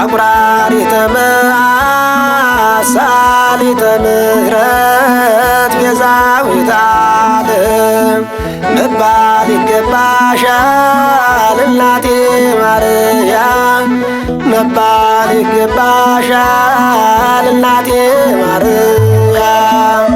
አቁራር የተመ መሳሊተ ምሕረት ቤዛዊተ ዓለም መባል ይገባሻል እናቴ ማርያም መባል ይገባሻል እናቴ ማርያም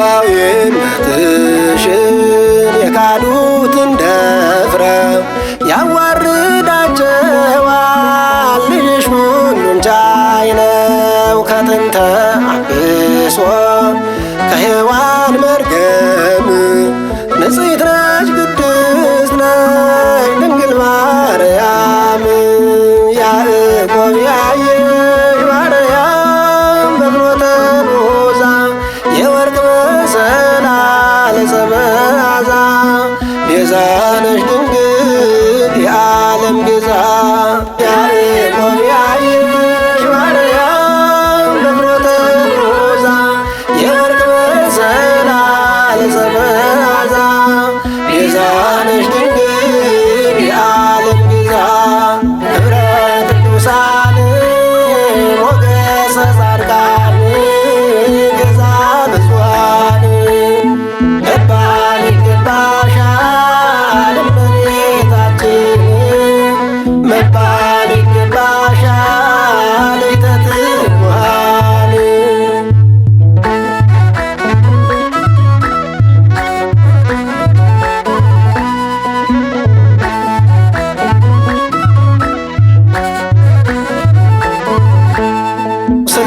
ሉዓላዊነትሽን የካዱትን ደፍረው ያዋርዳቸዋል። ልጅሽ ሁሉን ቻይ ነው ከጥንተ አብሶ ከሔዋን መርገም ንጽሕት ነሽ ነሽ ድንግል የዓለም ቤዛ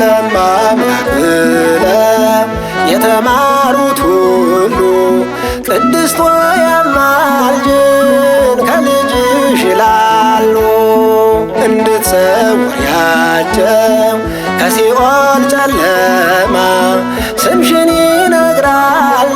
ለማ ብለው የተማሩት ሁሉ ቅድስት ሆይ አማልጅን ከልጅሽ ይላሉ። እንድትሰውሪያቸው ከሲኦል ጨለማ ስምሽን ይነግራሉ።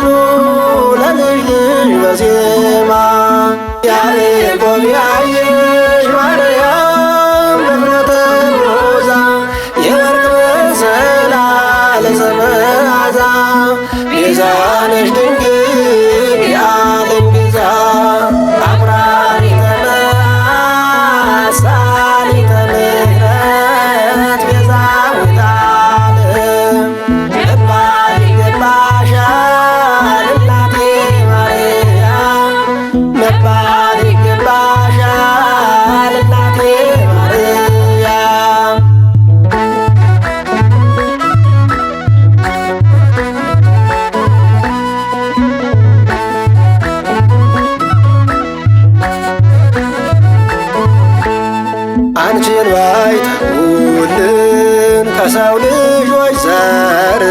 ልጆች ዘር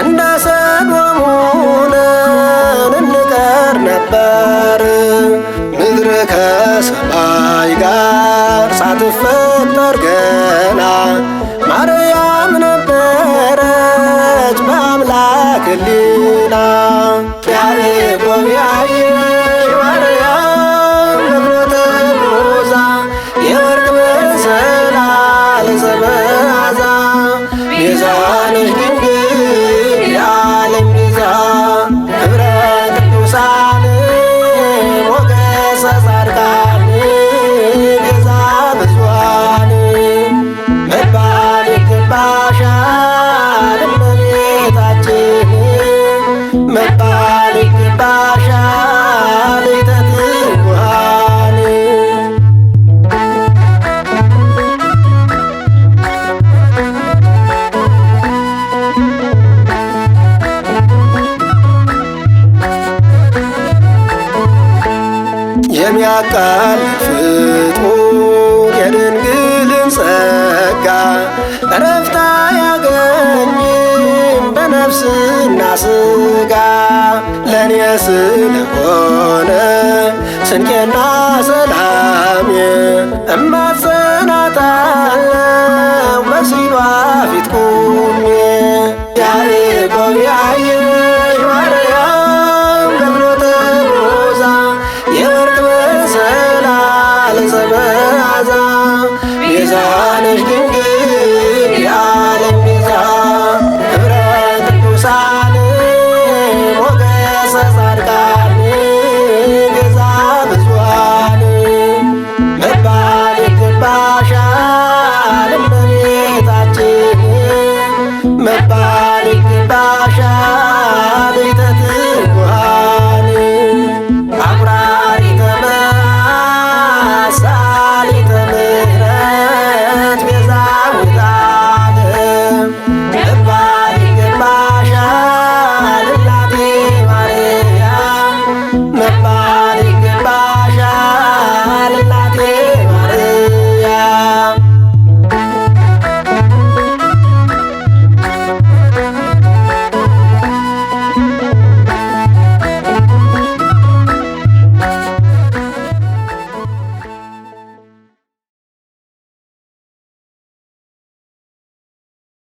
እንደ ሰዶም ሆነን እንቀር ነበር። ምድር ከሰማይ ጋር ሳትፈጠር ገና የሚያቃል ፍጡር የድንግልን ጸጋ እረፍታ ያገኝ በነፍስና ስጋ ለእኔ ስለሆነ ስንቄና ሰላም እማጸናታለው በሲሏ ፊት Thank you.